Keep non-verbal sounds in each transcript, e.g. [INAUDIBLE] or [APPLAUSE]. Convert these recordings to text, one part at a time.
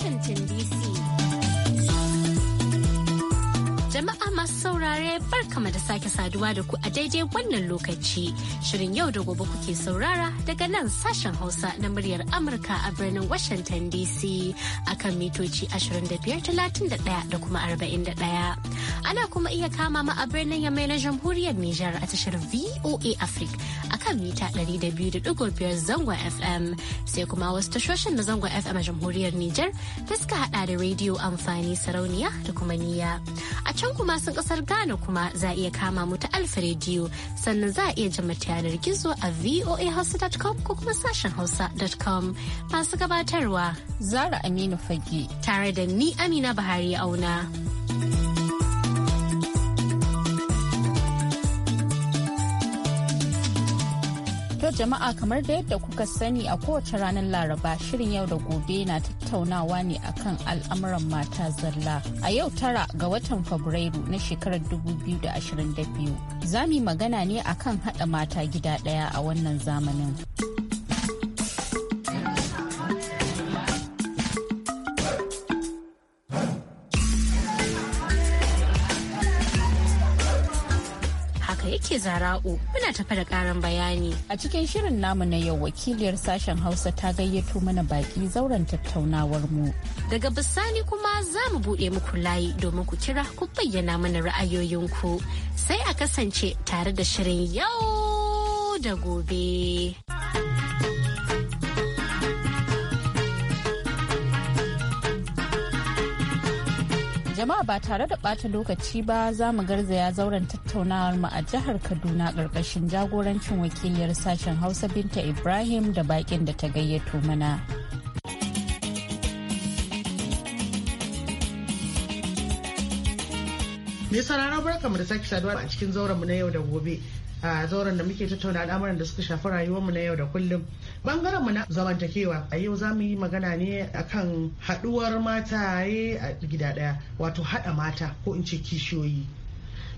Washington DC. Jama'a masu saurare barkama da sake saduwa da ku daidai wannan lokaci. Shirin yau da gobe kuke saurara daga nan sashen Hausa na muryar Amurka a birnin Washington DC akan mitoci 2531 da kuma 41. Ana kuma iya kama ma a birnin Yamai na Jamhuriyar Nijar a tashar VOA Africa akan mita 200.5 zangon FM sai kuma wasu tashoshin na zangon FM a Jamhuriyar Nijar da suka hada da rediyo amfani sarauniya da kuma niya. A can kuma sun kasar Ghana kuma za iya kama mu ta Alfa rediyo sannan za a iya jama ta yanar gizo a voahausa.com ko kuma sashen hausa.com masu gabatarwa zara aminu fage tare da ni amina bahari auna. To jama'a kamar da yadda kuka sani a kowace ranar Laraba shirin yau da gobe na tattaunawa ne akan al'amuran mata zalla. A yau tara ga watan Fabrairu na shekarar 2022. Za mu magana ne akan haɗa mata gida ɗaya a wannan zamanin. zara'u muna tafa da karin bayani. A cikin shirin namu na yau wakiliyar sashen Hausa ta gayyato mana baki zauren tattaunawar mu. Daga bisani kuma za mu buɗe muku layi domin ku kira ku bayyana mana ra'ayoyinku. Sai a kasance tare da shirin yau da gobe. jama'a ba tare da ɓata lokaci ba za mu garzaya zauren tattaunawar mu a jihar kaduna ƙarƙashin jagorancin wakiliyar sashen hausa binta ibrahim da baƙin da ta gayyato mana Mai sauraron barkamu da sake saduwa a cikin zauren mu na yau da gobe a zauren da muke tattauna al'amuran da suka shafi rayuwar mu na yau da kullum bangaren mu na zamantakewa a yau za mu yi magana ne akan haduwar mataye a gida daya wato hada mata ko in ce kishiyoyi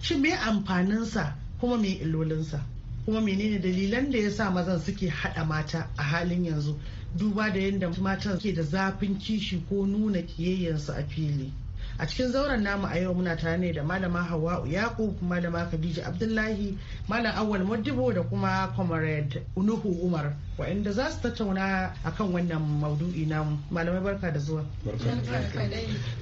shi me amfaninsa kuma me illolinsa kuma menene dalilan da ya sa mazan suke hada mata a halin yanzu duba da yadda matan ke da zafin kishi ko nuna kiyayyarsu a fili a cikin zauren namu a yau muna tare ne da malama hawa'u yakub malama khadija abdullahi malam awal modibo da kuma comrade unuhu umar wa'inda za su tattauna akan wannan maudu'i na malamai barka da zuwa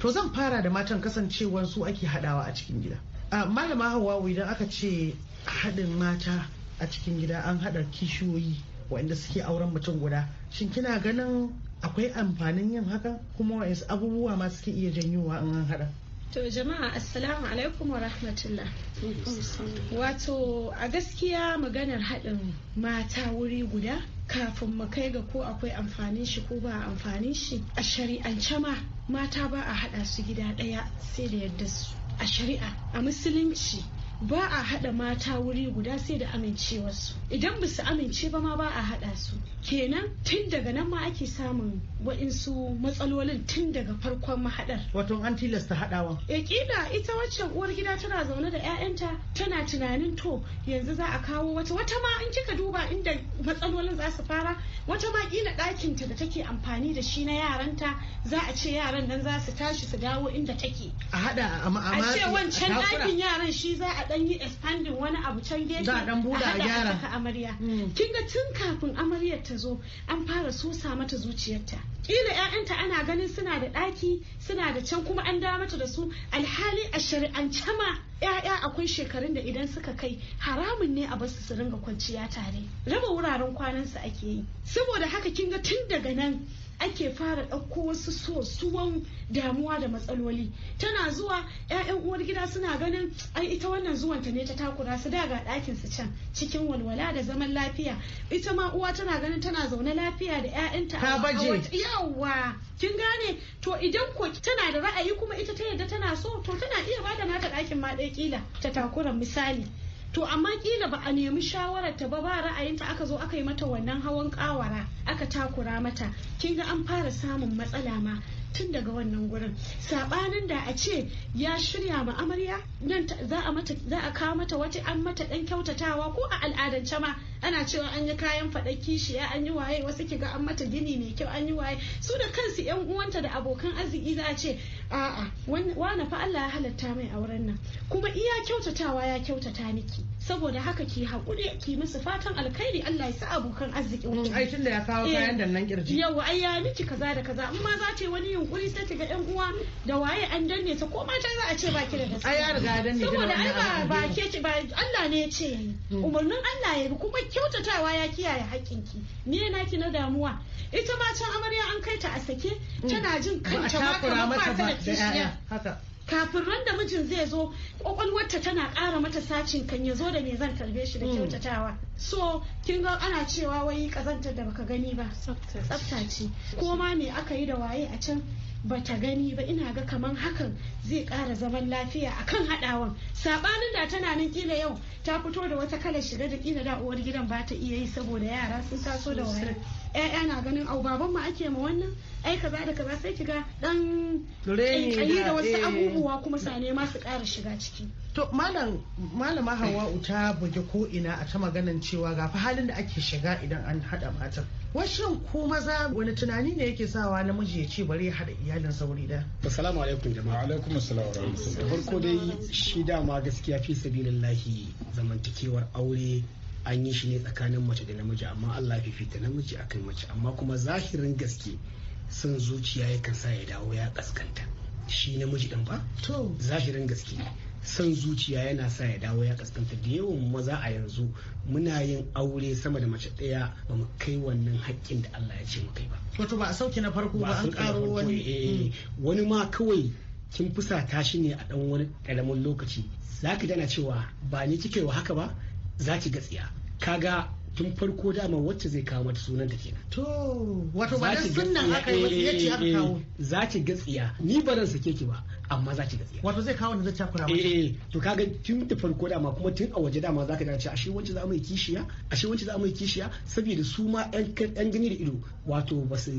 to zan fara da matan kasancewar su ake hadawa a cikin gida malama hawa'u idan aka ce haɗin mata a cikin gida an haɗa kishiyoyi wa'inda suke auren mutum guda shin kina ganin akwai amfanin yin hakan kuma wa'ansu abubuwa ma suke iya janyowa in an haɗa. To jama'a assalamu alaikum wa rahmatullah. Wato a gaskiya maganar haɗin mata wuri guda kafin mu kai ga ko akwai amfanin shi ko ba amfanin shi a shari'ance ma mata ba a haɗa su gida ɗaya sai da yadda su a shari'a a musulunci ba a haɗa mata wuri guda sai da amincewarsu idan ba su amince ba ma ba a haɗa su kenan tun daga nan ma ake samun waɗansu matsalolin tun daga farkon mahaɗar wato an tilasta haɗawa e kila ita waccan uwar gida tana zaune da 'ya'yanta tana tunanin to yanzu za a kawo wata wata ma in kika duba inda matsalolin za su fara wata ma kila ɗakinta da take amfani da shi na yaranta za a ce yaran nan za su tashi su dawo inda take a haɗa a ce wancan ɗakin yaran shi za a dan yi expanding wani abu can gefe da dan buda gyara amarya hmm. kin ga tun kafin amaryar ta zo an fara susa mata zuciyarta kila ƴaƴanta ana ganin suna da ɗaki suna da can kuma an dawo mata da su alhali a shari'ance ma ƴaƴa akwai shekarun da idan suka kai haramun ne a basu su ringa kwanciya tare raba wuraren kwanansu ake yi saboda haka kin ga tun daga nan ake fara ɗauko wasu sosuwan damuwa da matsaloli tana zuwa ƴaƴan uwar gida suna ganin ai ita wannan zuwanta ne ta takura su daga ɗakin su can cikin walwala da zaman lafiya ita ma uwa tana ganin tana zaune lafiya da ƴaƴanta ta baje yawa kin gane to idan ko tana da ra'ayi kuma ita ta yadda tana so to tana iya bada nata ɗakin ma ɗaya kila ta takura misali to amma kila ba a nemi shawarar ta ba ba ra'ayinta aka zo aka yi mata wannan hawan kawara aka takura mata kin ga an fara samun matsala ma tun daga wannan gurin sabanin da a ce ya shirya ma amarya nan za a kawo mata wata an mata dan kyautatawa ko a al'adance ma ana cewa an yi kayan faɗa kishiya an yi waye wasu ki ga an mata gini mai kyau an yi waye su da kansu yan uwanta da abokan arziki za a ce a'a wani fa Allah ya halatta mai auren nan kuma iya kyautatawa ya kyautata miki saboda haka ki haƙuri ki musu fatan alkhairi Allah ya sa abokan arzikin ki ai tunda ya kawo kayan eh, da nan kirji yawa ai ya miki kaza da kaza amma za ta wani yunkuri sai ta ga yan uwa da waye an danne ta ko mata za a ce baki da gaskiya ai ya riga danne saboda ai ba ba ke ba Allah ne ya ce hmm. umarnin Allah ya bi kuma kyautatawa ya kiyaye haƙƙinki na naki na damuwa ita ma can amarya an kai ta a sake tana jin mm. kanta ma kamar ba ta da kishiya kafin ran da mijin zai zo kwakwalwarta tana ƙara mata sacin kan ya zo da me zan karbe shi da mm. kyautatawa so kin ga ana cewa wai kazantar da baka gani ba tsafta ce ko ma me aka yi da waye a can bata gani ba ina ga kaman hakan zai ƙara zaman lafiya akan haɗawan saɓanin da tana nan kila yau ta fito da wata kalar shiga da kila da uwar gidan ba ta iya yi saboda yara sun taso da wani ƴaƴa na ganin au baban ma ake ma wannan ai kaza da kaza sai kiga dan kayi da wasu eh. abubuwa kuma sane ma su ƙara shiga ciki to malam malama hawa ta buge ko ina a ta maganan cewa ga halin da ake shiga idan an hada matan washin ko maza wani tunani ne yake sawa namiji ya ce bari ya hada iyalin sauri da assalamu alaikum jama'a alaikum assalam wa farko dai shi dama gaskiya fi sabilillahi zamantakewar aure an yi shi ne tsakanin mace da namiji amma Allah fifita namiji akan mace amma kuma zahirin gaske son zuciya yakan sa ya dawo ya kaskanta shi namiji din ba to zahirin gaske son zuciya yana sa ya dawo ya kaskanta da yawan maza a yanzu muna yin aure sama da mace ɗaya ba mu kai wannan haƙƙin da Allah ya ce mu kai ba wato ba a sauki na farko ba an karo wani eh, eh, mm. eh. wani ma kawai kin fusata shi ne a dan wani ƙaramin lokaci zaki dana cewa ba ni kike wa haka ba za ki gatsiya kaga tun farko dama wacce zai kawo mata sunan da kenan. To wato ba dan sunan aka yi wasu yace eh, kawo. Eh, za ki gatsiya ni ba zan sake ki ba amma za ki gatsiya. Wato zai kawo ne zai cakura mata. Eh, eh to kaga tun da farko dama kuma tun a waje dama zaka dace ashe wance za mu yi kishiya ashe wance za mu yi kishiya saboda su ma ɗan gani da ido wato ba su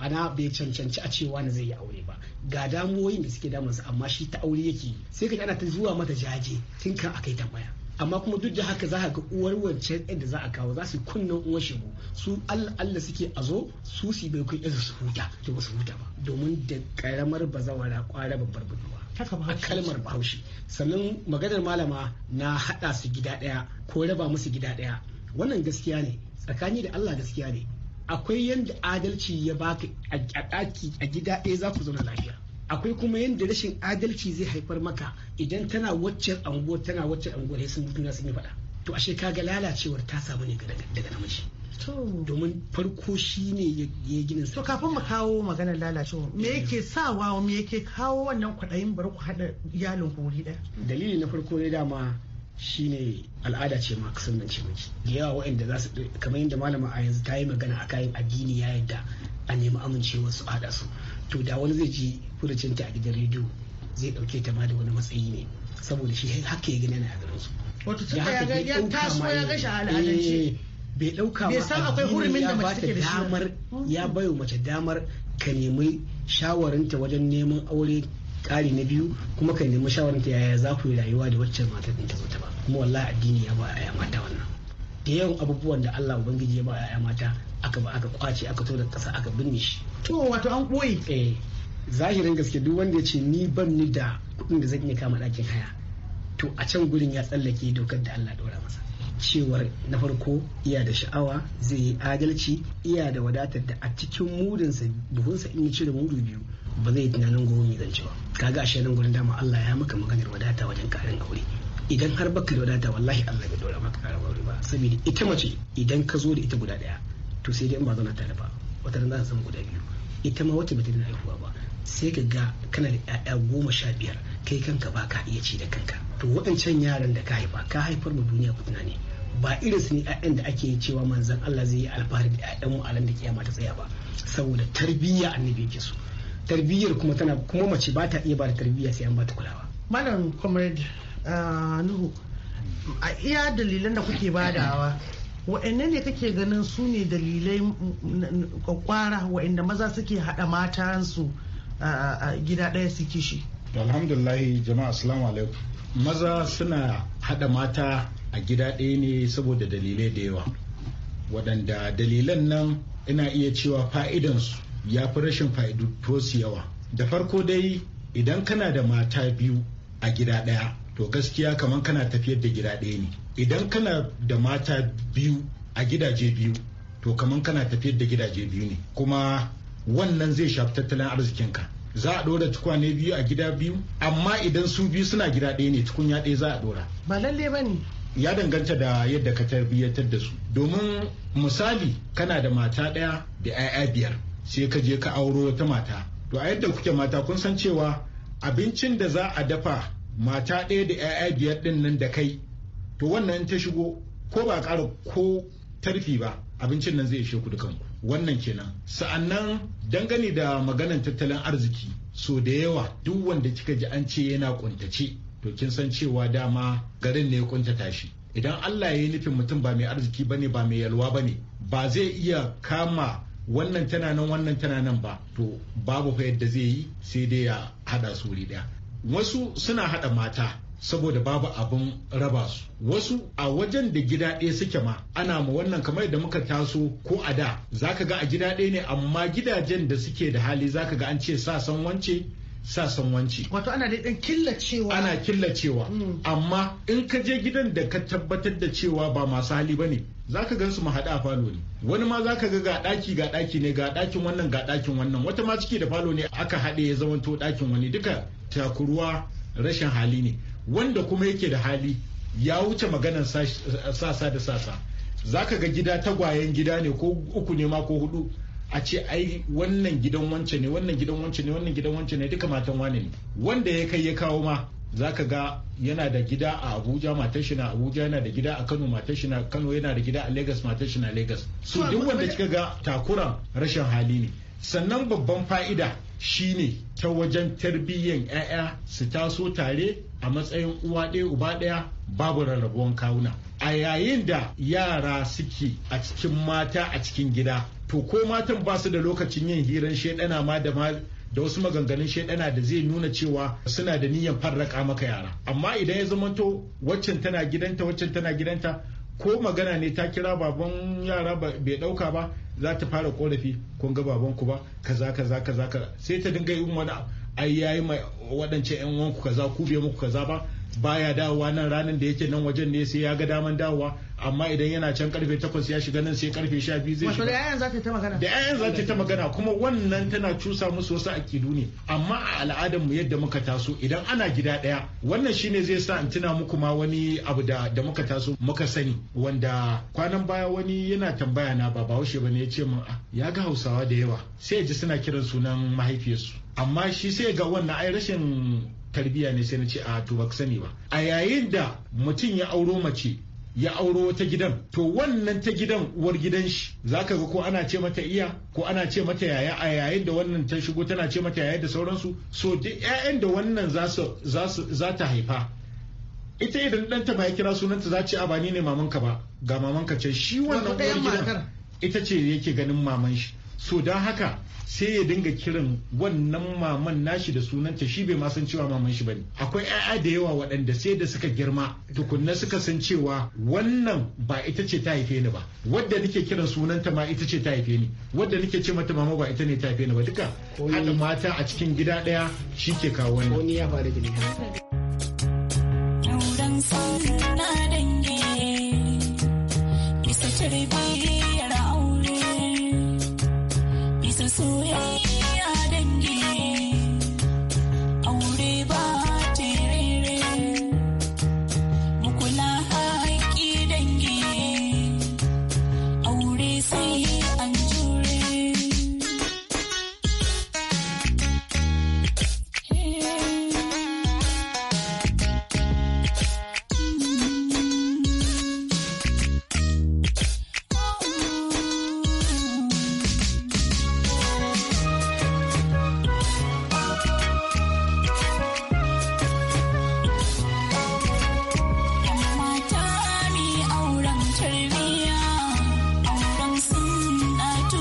ana bai cancanci a cewa na zai yi aure ba. Ga damuwoyin da suke damunsa amma shi ta aure yake sai ka ana ta zuwa mata jaje tun kan akai tambaya. amma kuma duk da haka za ka ga uwar wancan yadda za a kawo za su kunna uwar shigo su allah allah suke a zo su su bai kun yadda su huta to ba su huta ba domin da karamar bazawara kwara babbar budurwa a kalmar bahaushe sannan maganar malama na haɗa su gida daya ko raba musu gida daya wannan gaskiya ne tsakani da allah gaskiya ne akwai yadda adalci ya baka a ɗaki a gida ɗaya za ku zauna lafiya akwai kuma yadda rashin adalci zai haifar maka idan tana waccan anguwar tana waccan anguwar sun mutuna sun yi faɗa to ashe kaga lalacewar ta samu ne daga namiji domin farko shi ne ya gina to kafin mu kawo maganar lalacewa eh. me yake sawa me yake kawo wannan kwaɗayin bari ku haɗa iyalin wuri ɗaya dalili na farko ne dama shine al'ada ce ma kasan nan ce miki da yawa wa'inda za su kamar yadda malama a yanzu ta yi magana a kayan addini ya yadda a nemi amincewar su haɗa su to da wani zai ji ta a gidan rediyo zai dauke ta ma da wani matsayi ne saboda shi haka ya gani na garin su ya ga bai dauka eh, ba bai mace ya bayo mace damar ka nemi shawarinta wajen neman aure kari na biyu kuma ka nemi shawarinta yaya za ku yi rayuwa da waccan matar da ta zo ta ba kuma wallahi addini ya ba a mata wannan da yawan abubuwan da Allah ubangiji ya ba ya'ya mata aka ba aka kwace aka to da kasa aka binne shi to wato an koyi eh zahirin gaske duk wanda ya ce ni ban ni da kuɗin da zan iya kama ɗakin haya to a can gurin ya tsallake dokar da Allah ɗora masa cewar na farko iya da sha'awa zai yi adalci iya da wadatar da a cikin mudinsa buhunsa in ya cire mudu biyu ba zai yi tunanin goro mai zance ba kaga a nan gurin dama Allah ya maka maganar wadata wajen karin aure idan har baka da wadata wallahi Allah bai dora maka karama ba saboda ita mace idan ka zo da ita guda daya to sai dai in ba zauna tare ba wata ran za ta guda biyu ita ma wata bata da haihuwa ba sai ka ga kana da 'ya'ya goma sha biyar kai kanka ba ka iya ci da kanka to waɗancan yaran da ka haifa ka haifar ma duniya ku ne ba irin su ne 'ya'yan da ake cewa zan Allah zai yi alfahari da 'ya'yan mu alan da kiyama ta tsaya ba saboda tarbiyya annabi yake so tarbiyyar kuma tana kuma mace ba ta iya ba da tarbiyya sai an ba ta kulawa malam comrade Ah, nuhu a iya dalilan da kuke badawa wa'anne ne kake ganin su ne dalilai kwakwara wa'anda maza suke haɗa matansu a gida ɗaya su kishi alhamdulillah jama'a assalamu alaikum maza suna haɗa mata a gida ɗaya ne saboda dalilai da yawa waɗanda dalilan nan ina iya cewa fa'idansu ya fi rashin fa'idosu yawa da farko dai idan kana da mata biyu a gida ɗaya to gaskiya kamar kana tafiyar da gida ɗaya ne idan kana da mata biyu a gidaje biyu to kamar kana tafiyar da gidaje biyu ne kuma wannan zai shafi tattalin arzikinka za a ɗora tukwane biyu a gida biyu amma idan su biyu suna gida ɗaya ne tukunya ɗaya za a ɗora ba lalle ba ne ya danganta da yadda ka tarbiyyatar da su domin misali kana da mata ɗaya da 'ya'ya biyar sai ka je ka auro wata mata to a yadda kuke mata kun san cewa abincin da za a dafa mata ɗaya da 'ya'ya biyar ɗin nan da kai to wannan ta shigo ko ba ƙara ko tarfi ba abincin nan zai ishe ku dukanku wannan kenan sa'annan dangane da maganan tattalin arziki so da yawa duk wanda kika ji an ce yana kuntace to kin san cewa dama garin ne ya kuntata shi idan Allah ya yi nufin mutum ba mai arziki bane ba mai yalwa bane ba zai iya kama wannan tana nan wannan tana nan ba to babu fa yadda zai yi sai dai ya hada su wuri daya wasu suna haɗa mata saboda babu abin raba su wasu a wajen da gida ɗaya suke ma ana ma wannan kamar da muka taso ko a da za ka ga a gida ɗaya ne amma gidajen da suke da hali za ka ga an ce sa san wance sa san wance wato ana dai dan killacewa ana killacewa hmm. amma in ka je gidan da ka tabbatar da cewa ba masu hali bane ka gan su haɗa falo ne wani ma za ka ga ga ɗaki ga ɗaki ne ga ɗakin wannan ga ɗakin wannan wata ma ciki da falo ne aka haɗe ya zamanto ɗakin wani duka takuruwa rashin hali ne wanda kuma yake da hali ya wuce maganar sasa da sasa za ka ga gida tagwayen gida ne ko uku ne ma ko hudu a ce ai wannan gidan wance ne wannan gidan wance ne wannan gidan wance ne duka matan wane ne wanda ya kai ya kawo ma za ka ga yana da gida a abuja matar shi na abuja yana da gida a kano matar shi na kano yana da gida a lagos matar shi na lagos so duk wanda kika ga takuran rashin hali ne sannan babban fa'ida shine ta wajen tarbiyyar 'ya'ya su taso tare a matsayin uwa ɗaya uba ɗaya babu rarrabuwan kawuna a yayin da yara suke a cikin mata a cikin gida to ko matan ba su da lokacin yin hirar shaidana ma da da wasu maganganun shaidana da zai nuna cewa suna da niyyar farraka maka yara amma idan ya zamanto waccan tana gidanta waccan tana gidanta ko magana ne ta kira baban yara bai ɗauka ba za ta fara korafi kun ga babanku ba kaza kaza kaza kaza sai ta dinga yin wani ai yayi mai waɗancan yan uwanku kaza ku biya muku kaza ba baya dawowa nan ranar da yake nan wajen ne sai ya ga daman dawowa amma idan yana can karfe 8 ya shiga nan sai karfe 12 zai shiga da yayan za ta magana da yayan za ta magana kuma wannan tana cusa musu wasu akidu ne amma a al'adar mu yadda muka taso idan ana gida ɗaya. wannan shine zai sa in tuna muku ma wani abu da da muka taso muka sani wanda kwanan baya wani yana tambaya na ba bahaushe bane ya ce min ah, ya ga Hausawa da yawa sai ya ji suna kiran sunan mahaifiyarsu amma shi sai ga wannan ai rashin tarbiya ne sai na ce a ah, to ba sani ba a yayin da mutum ya auro mace ya auro wata gidan to wannan ta gidan uwar gidan shi zaka ga ko ana ce mata iya ko ana ce mata yaya a yayin da wannan ta shigo tana ce mata yaya da sauransu so duk ƴaƴan da wannan za ta haifa ita idan ɗanta ba ya kira sunanta za ce a ba ni ne mamanka ba ga mamanka ce shi wannan uwar gidan ita ce yake ganin maman shi so don haka sai ya dinga kiran wannan maman nashi da sunanta shi bai ma san cewa maman shi bane akwai 'ya'ya da yawa waɗanda sai da suka girma tukunna suka san cewa wannan ba ita ce ta haife ni ba wadda nake kiran sunanta ma ita ce ta haife ni wadda nake ce mata mama ba ita ne ta haife ni ba duka haɗa mata a cikin gida ɗaya shi ke kawo wannan ya faru da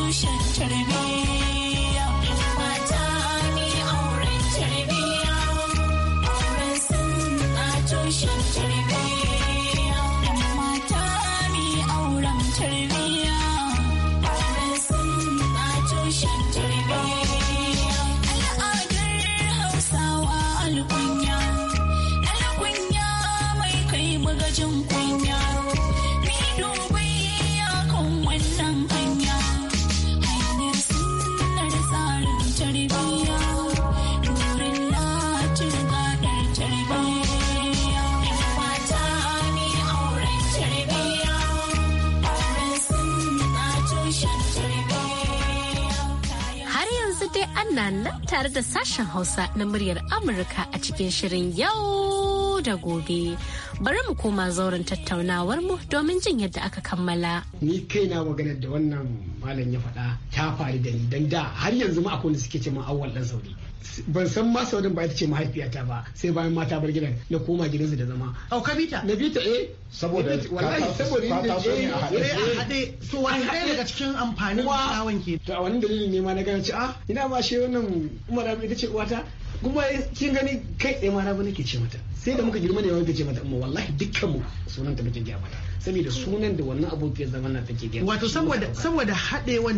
tushen tarbiyyar nan tare da sashen Hausa na muryar Amurka a cikin shirin yau da gobe. Bari mu koma zauren tattaunawar mu domin jin yadda aka kammala. Ni kai na maganar da wannan malam ya faɗa ta faru da ni don da har yanzu ma akwai suke ce ma awwal dan sauri. ban san ma saurin ba ita ce mahaifiyata ba sai bayan mata bar gidan na koma gidansu da zama au oh, ka bita na bita eh saboda wallahi saboda yin eh a hade to wani hade daga cikin amfanin kawon ke to a wani dalilin ne ma na gane ce ah ina ma shi wannan umara ita ce uwata kuma kin gani kai tsaye ma rabu nake ce mata sai da muka girma ne wanda ce mata amma wallahi dukkan mu sunan ta muke gaya mata saboda sunan da wannan abokin zaman na take gaya wato saboda saboda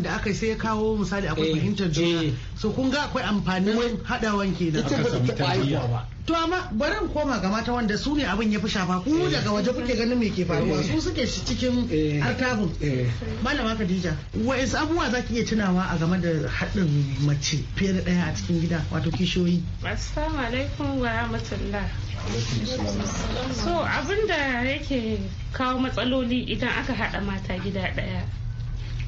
da aka sai ya kawo misali akwai fahimtar juna eh, eh. so kun ga akwai amfanin hadawan kenan da ba ta ba to amma bari koma ga mata wanda su ne abin ya fi shafa ku eh. daga waje kuke ganin me ke faruwa eh. su suke shi cikin eh. artabun malama Khadija is abubuwa za ki iya tunawa a game da haɗin mace fiye da ɗaya a cikin gida wato kishiyoyi assalamu alaikum wa rahmatullah so da yake kawo matsaloli idan aka haɗa mata gida ɗaya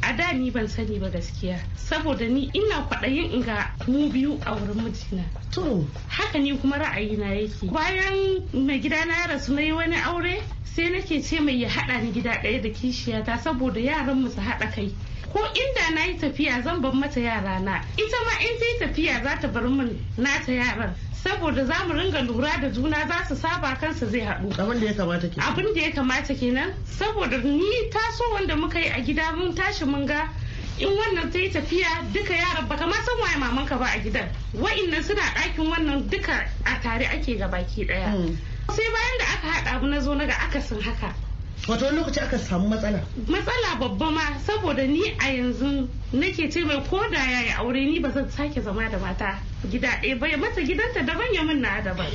a da ni ban sani ba gaskiya saboda ni ina kwaɗayin in ga mu biyu a wurin mijina to haka ni kuma ra'ayina yake bayan mai gida na ya rasu na yi wani aure sai nake ce mai ya haɗa ni gida ɗaya da kishiyata saboda yaran mu su haɗa kai ko inda na yi tafiya zan bar mata yara na ita ma in ta yi tafiya za ta bar min nata yaran saboda za mu ringa lura da juna za su saba kansa zai haɗu abin da ya kamata kenan abin da ya kamata kenan saboda ni taso wanda muka yi a gida mun tashi mun ga in wannan ta yi tafiya duka yara baka ma san waye mamanka ba a gidan wa'innan suna ɗakin wannan duka a tare ake gabaki ɗaya mm. sai bayan da aka haɗa abu na zo na ga akasin haka wato wani lokaci aka samu matsala matsala babba ma saboda ni a yanzu nake ce mai ko da yayi aure ni ba zan sake zama da mata gida ɗaya ba ya mata gidanta daban ya min na daban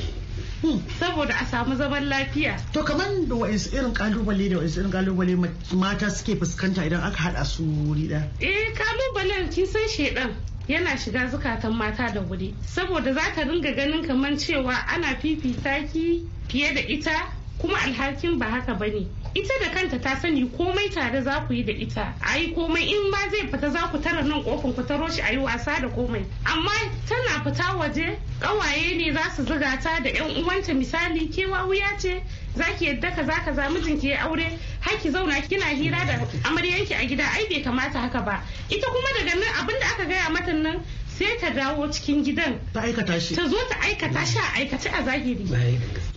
hmm. saboda a samu zaman lafiya to kamar da wa'insu irin kalubale da wa'insu irin kalubale mata suke fuskanta idan aka haɗa su wuri ɗaya eh kalubalen kin san shedan yana shiga zukatan mata da wuri saboda za ta ringa ganin kamar cewa ana fifita ki fiye da ita kuma alhakin ba haka bane ita da kanta ta sani komai tare za ku yi da ita ayi komai in ba zai fita za ku tara nan kofin ku taro shi ayi wasa da komai amma tana fita waje kawaye ne za su zuga ta da yan uwanta misali kewa wuya ce za ki yadda ka za mijin ki ya aure har ki zauna kina hira da amaryanki a gida ai bai kamata haka ba ita kuma daga nan abinda aka gaya mata nan sai ta dawo cikin gidan ta aikata ta zo ta aikata shi a aikace a zahiri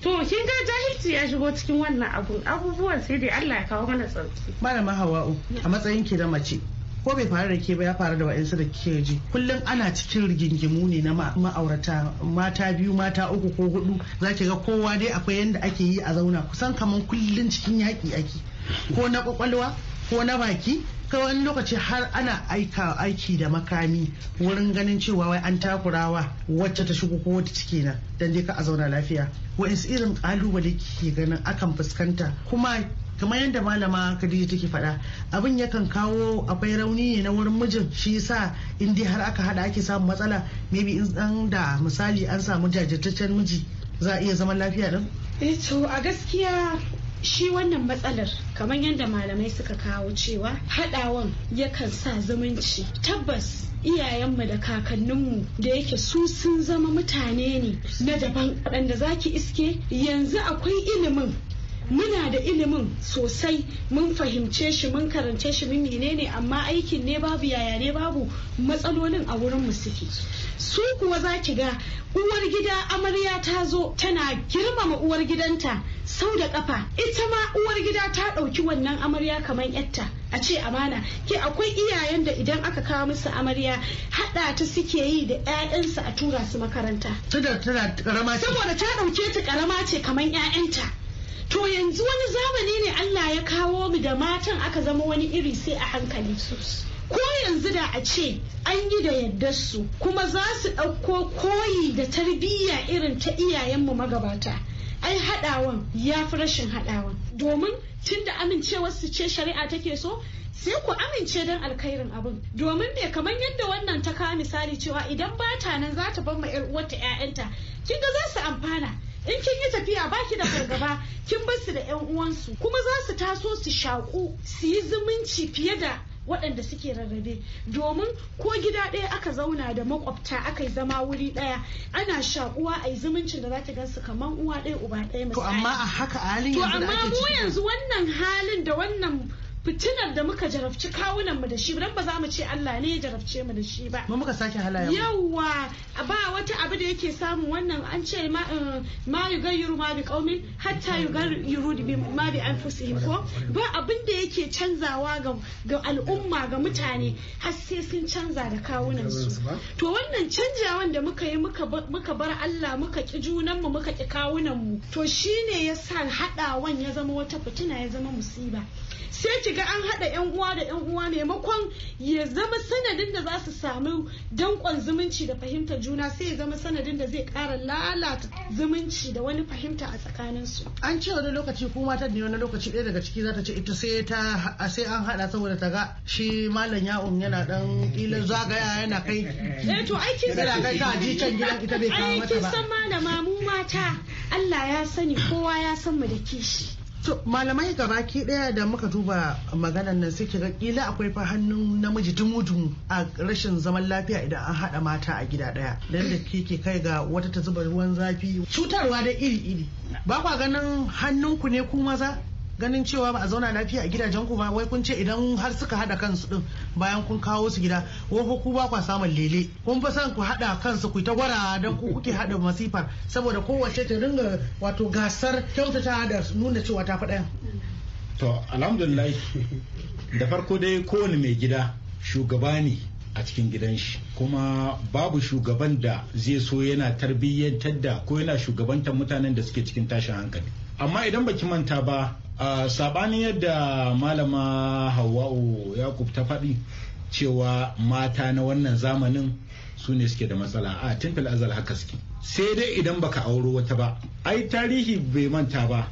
to kin ga jahilci ya shigo cikin wannan abun abubuwan sai dai Allah ya kawo mana tsarki ma hawa'u a matsayin ki da mace ko bai faru da ke ba ya faru da wa'insu da ke ji kullum ana cikin rigingimu ne na ma'aurata mata biyu mata uku ko hudu za ki ga kowa dai akwai yadda ake yi a zauna kusan kaman kullum cikin yaƙi ake ko na kwakwalwa ko na baki Ka wani lokaci har ana aika aiki da makami wurin ganin cewa wai an takurawa wacce ta shigo ko wata ciki na dan dai ka a zauna lafiya wa'insu irin kalubale ke ganin akan fuskanta kuma kamar yadda malama Khadija take faɗa abin yakan kawo akwai rauni ne na wurin mijin shi yasa in dai har aka haɗa ake samun matsala maybe in dan da misali an samu jajirtaccen miji za a iya zaman lafiya din eh to a gaskiya shi wannan matsalar kamar yadda malamai suka kawo cewa haɗawan yakan sa zumunci tabbas iyayenmu da kakanninmu da yake su sun zama mutane ne na daban waɗanda ki iske yanzu akwai ilimin muna da ilimin sosai mun fahimce shi mun karance shi mun menene amma aikin ne babu yaya ne babu matsalolin a wurin mu suke su kuwa za ki ga uwar gida amarya ta zo tana girmama uwar gidanta sau da kafa ita ma uwar gida ta ɗauki wannan amarya kamar yatta a ce amana ke akwai iyayen da idan aka kawo musu amarya hada ta suke yi da 'ya'yansu a tura su makaranta saboda ta ɗauke ta karama ce kamar 'ya'yanta To yanzu wani zamani ne Allah ya kawo mu da matan aka zama wani iri sai a hankali. Ko yanzu da a ce an yi da yadda su kuma za su ɗauko koyi da tarbiyya irin ta iyayenmu magabata. ai haɗawan ya fi rashin haɗawan domin tunda amincewar su ce shari'a take so sai ku amince don alkhairin abin domin me kamar yadda wannan ta kawo misali cewa idan ba ta nan za ta bar ma yar uwarta ƴaƴanta kin ga za su amfana in kin yi tafiya baki da fargaba kin bar su da ƴan uwansu kuma za su taso su shaƙu su yi zumunci fiye da waɗanda suke rarrabe domin ko gida ɗaya aka zauna da makwabta aka yi zama wuri ɗaya ana shakuwa a yi zumuncin da za ta gansu kamar uwa ɗaya uba ɗaya misali. To amma a haka halin yanzu da ake ciki. To amma mu yanzu wannan halin da wannan fitinar da muka jarabci kawunan mu da shi dan ba za mu ce Allah ne ya jarabce mu da shi ba mu muka sake halaya yawa ba wata abu da yake samu wannan an ce ma eh, ma yugayyiru ma bi qaumin hatta yugayyiru bi ma bi anfusihim ko ba abin da yake canzawa ga ga al'umma ga mutane har sai sun canza da kawunan su to wannan canjawan da muka yi muka bar Allah muka ki junan mu muka ki kawunan mu to shine yasa hadawan ya zama wata fitina ya zama musiba sai ki ga an haɗa yan uwa da yan uwa maimakon ya zama sanadin da za su samu danƙon zumunci da fahimtar juna sai ya zama sanadin da zai ƙara lalata zumunci da wani fahimta a tsakaninsu. An ce wani lokaci ko mata ne wani lokaci ɗaya daga ciki za ta ce ita sai ta sai an haɗa saboda ta ga shi malam ya'un yana dan ƙila zagaya yana kai. Eh to ai kin san kai ta ji can gidan ita bai kawo mata ba. Ai kin san malama mu mata Allah ya sani kowa ya san mu da kishi. To malamai ke daya da muka duba maganan nan sai ga kila akwai fa hannun namiji dumu-dumu a rashin zaman lafiya idan an haɗa mata a gida daya. Dan da ke kai ga wata ta zuba ruwan zafi cutarwa da iri-iri. Ba kwa ganin hannunku ne ku maza? ganin cewa ba a zauna lafiya a gidajen ku ba wai kun ce idan har suka hada kansu din bayan kun kawo su gida wai ku ba kwa samun lele kun fa san ku hada kansu ku ta gwara dan ku kuke hada masifar saboda kowace ta ringa wato gasar kyautata da nuna cewa ta faɗa to alhamdulillah da farko dai kowane mai gida shugaba ne a cikin gidan shi kuma babu shugaban da zai so yana tarbiyyantar da ko yana shugabantar mutanen da suke cikin tashin hankali amma idan baki manta ba a sabanin yadda malama hawa'u yakub ta faɗi cewa mata na wannan zamanin su ne suke da matsala a tun azal haka suke sai dai idan baka auro wata ba ai tarihi bai manta ba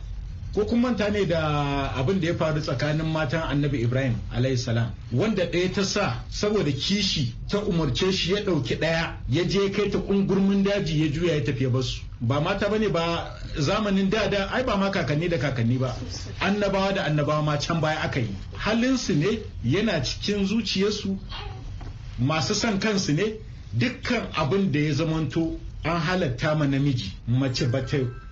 ko kun manta ne da abin da ya faru tsakanin matan annabi ibrahim salam wanda ɗaya ta sa saboda kishi ta umarce shi ya ɗauki ɗaya ya je kai ta ƙungurmin daji ya juya ya tafi ya basu ba mata bane ba zamanin da da ai ba ma kakanni da kakanni ba annabawa da annabawa ma can baya aka yi halinsu ne yana cikin zuciyarsu masu son kansu ne dukkan abin da ya zamanto an halatta ma namiji mace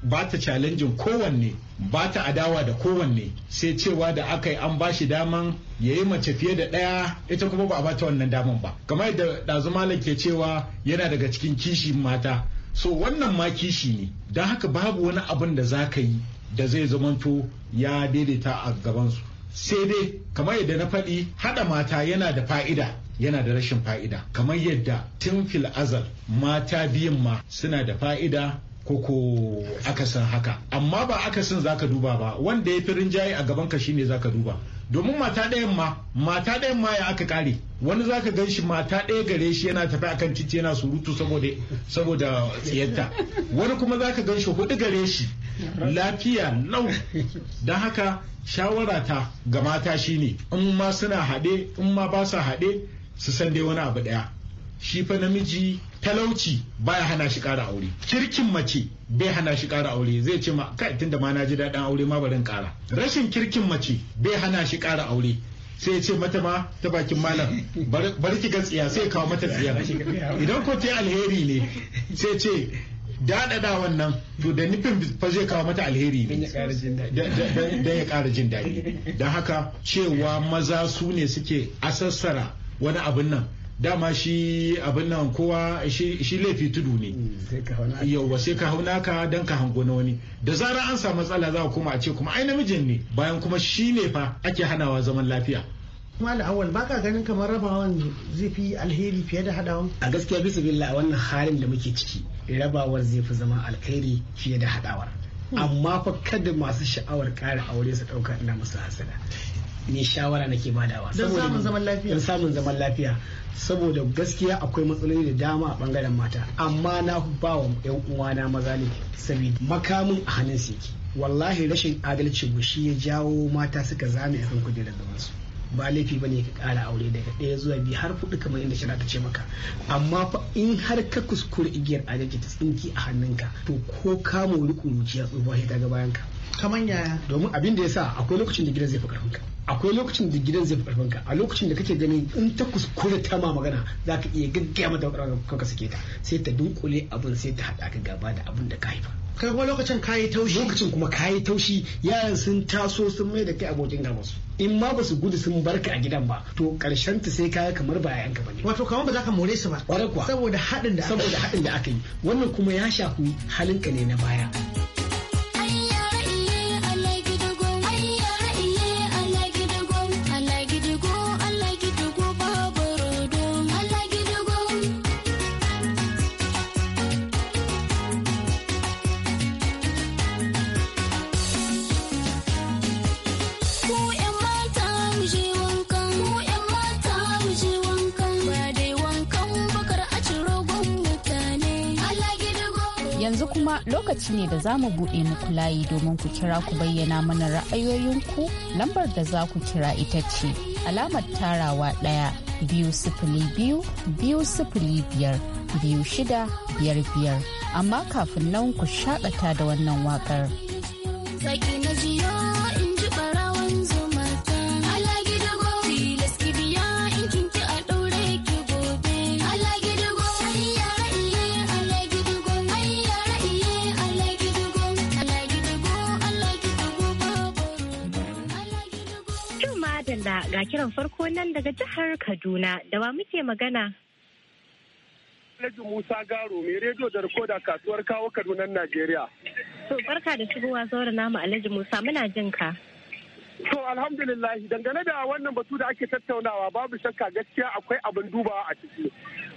ba ta challenging kowanne ba ta adawa da kowanne sai cewa da aka yi an ba shi daman ya yi mace fiye da ɗaya ita kuma ba a ba ta wannan daman ba kamar da ɗazu malam ke cewa yana daga cikin kishin mata so wannan ma kishi ne don haka babu wani abin da za ka yi da zai zamanto ya daidaita a gabansu sai dai kamar yadda na faɗi haɗa mata yana da fa'ida yana da rashin fa'ida kamar yadda tun fil mata biyun ma suna da fa'ida koko akasin haka amma ba akasin zaka duba ba wanda ya fi rinjaye a gaban ka shine zaka duba domin mata ɗayan ma mata ɗayan ma ya aka kare wani zaka gan shi mata ɗaya gare shi yana tafi akan titi yana surutu saboda saboda tsiyarta wani kuma zaka gan shi hudu gare shi lafiya lau don haka shawara ta ga mata shine in ma suna haɗe in ma ba su haɗe su san dai wani abu ɗaya shi fa namiji talauci baya hana shi ƙara aure kirkin mace bai hana shi ƙara aure zai ce ma kai tunda ma na ji daɗin aure ma barin ƙara rashin kirkin mace bai hana shi ƙara aure sai ya ce mata ma ta bakin malam bari ki ga tsiya sai kawo mata tsiya idan ko ta alheri ne sai ce daɗaɗa wannan to da nufin fa zai kawo mata alheri ne da ya ƙara jin daɗi don haka cewa maza su ne suke asassara wani abin nan dama shi abin nan kowa shi laifi tudu ne mm, yauwa sai ka hauna ka don ka hango na wani da zarar an samu matsala za a koma a ce kuma ai namijin ne bayan kuma shi ne fa ake hanawa zaman lafiya Kuma da awal baka ganin kamar rabawan zai fi alheri fiye da hadawan a gaskiya bisa billah wannan halin da muke ciki rabawar zai fi zama alheri fiye da hadawar hmm. amma fa kada masu sha'awar kare aure su ɗauka ina musu hasada ne shawara nake badawa don samun zaman lafiya don samun zaman lafiya saboda gaskiya akwai matsaloli da dama a bangaren mata amma na ba wa yan uwana maza ne saboda makamin a hannun su yake wallahi rashin adalci shi ya jawo mata suka zame kan daga wasu ba laifi ba ne ka kara aure daga ɗaya zuwa biyu har kuɗi kamar inda shirata ta ce maka amma fa in har ka kuskure igiyar adalci ta tsinki a hannunka to ko ka mori kuruciya tsohuwa ta ga bayanka ka manya domin abin da ya sa akwai lokacin da gidan zai fi karfin ka akwai lokacin da gidan zai fi karfin ka a lokacin da kake ganin in ta kuskure ta ma magana za ka iya gaggaya mata kanka suke ta sai ta dunkule abin sai ta haɗa ka gaba da abin da ka haifa kai kuma lokacin kayi taushi lokacin kuma kayi taushi yaran sun taso sun mai da kai abokin gaba su in ma ba su gudu sun ka a gidan ba to karshen ta sai kaya kamar ba yayan ka bane wato kamar ba za ka more su ba kwarai kuwa saboda haɗin da saboda haɗin da aka yi wannan kuma ya shafi halinka ne na baya kuma lokaci ne da za mu buɗe muku layi domin ku kira ku bayyana mana ra'ayoyinku lambar da za ku kira ita ce alamar tarawa ɗaya biyu sifili biyu biyu sifili biyar biyu shida biyar biyar amma kafin nan ku shaɗata da wannan waƙar. ma yau Madalla ga kiran farko nan daga jihar Kaduna da ba muke magana. Alhaji Musa Garo mai rediyo da rikoda kasuwar kawo Kaduna Najeriya. To barka da shigowa zaura namu Alhaji Musa muna jin ka. To alhamdulillah dangane da wannan batu da ake tattaunawa babu shakka gaskiya akwai abin dubawa a ciki.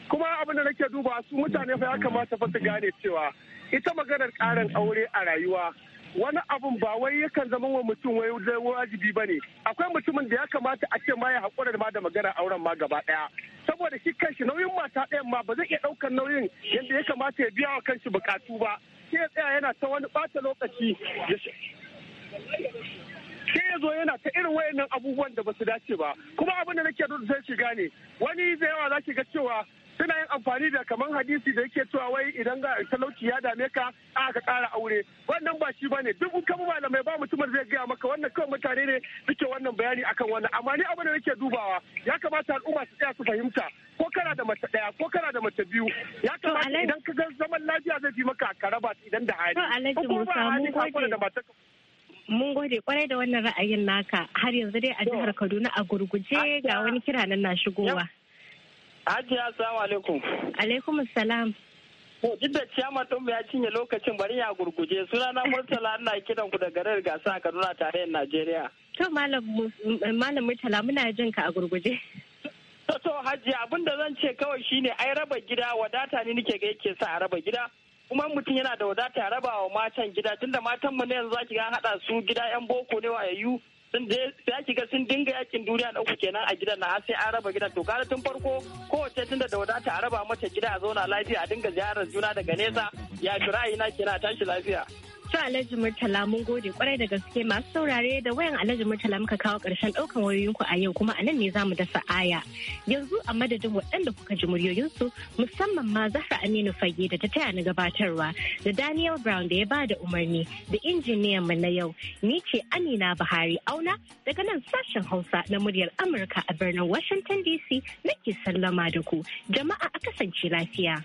Kuma abin da nake dubawa su mutane fa ya kamata fa su gane cewa ita maganar ƙarin aure a rayuwa wani abun ba wai yakan zama wa mutum wai wajibi ba ne akwai mutumin da ya kamata a ce ma ya haƙura ma da magana auren ma gaba ɗaya saboda shi kanshi nauyin mata ɗayan ma ba zai iya ɗaukar nauyin yadda ya kamata ya biya wa kanshi buƙatu ba sai ya tsaya yana ta wani ɓata lokaci sai ya zo yana ta irin wayannan abubuwan da ba su dace ba kuma abin da nake da zai shiga ne wani da yawa za ki ga cewa suna yin amfani da kamar hadisi da yake cewa wai idan ga talauci ya dame ka a ka kara aure wannan ba shi bane duk in kama malamai ba mutumin zai gaya maka wannan kawai mutane ne suke wannan bayani akan wannan amma ni abin da nake dubawa ya kamata al'umma su tsaya su fahimta ko kana da mace daya ko kana da mace biyu ya kamata idan ka ga zaman lafiya zai fi maka ka raba idan da hali ko kuma hali ka da mun gode kwarai da wannan ra'ayin naka har yanzu dai a jihar kaduna a gurguje ga wani kira nan na shigowa. Hajiya, assalamu alaikum. Alaikum salam. duk da ciyama tun ya cinye lokacin bari ya gurguje sunana murtala [LAUGHS] ina kiran ku da garin gasa kaduna tarayyar najeriya to malam murtala muna jin ka a gurguje to to hajji abin da zan ce kawai shine ai raba gida wadata ne nike ga yake sa a raba gida kuma mutum yana da wadata raba wa matan gida tunda matan mu ne yanzu zaki ga haɗa su gida yan boko ne wa yayu sun je sai ki ga sun dinga yakin duniya na uku kenan a gidan na sai an raba gidan to gara tun farko kowace tunda da wadata a raba mata gida a zauna lafiya a dinga ziyarar juna daga nesa ya fi ra'ayi na kenan tashi lafiya. su Alhaji Murtala mun gode kwarai da gaske masu saurare da wayan Alhaji Murtala muka kawo ƙarshen ɗaukan wayoyinku a yau kuma a nan ne za mu dasa aya. Yanzu a madadin waɗanda kuka ji muryoyinsu musamman ma Zahra Aminu Fage da ta taya ni gabatarwa da Daniel Brown da ya ba da umarni da injiniyan mu na yau. Ni ce Amina Buhari Auna daga nan sashen Hausa na muryar Amurka a birnin Washington DC nake sallama da ku. Jama'a a kasance lafiya.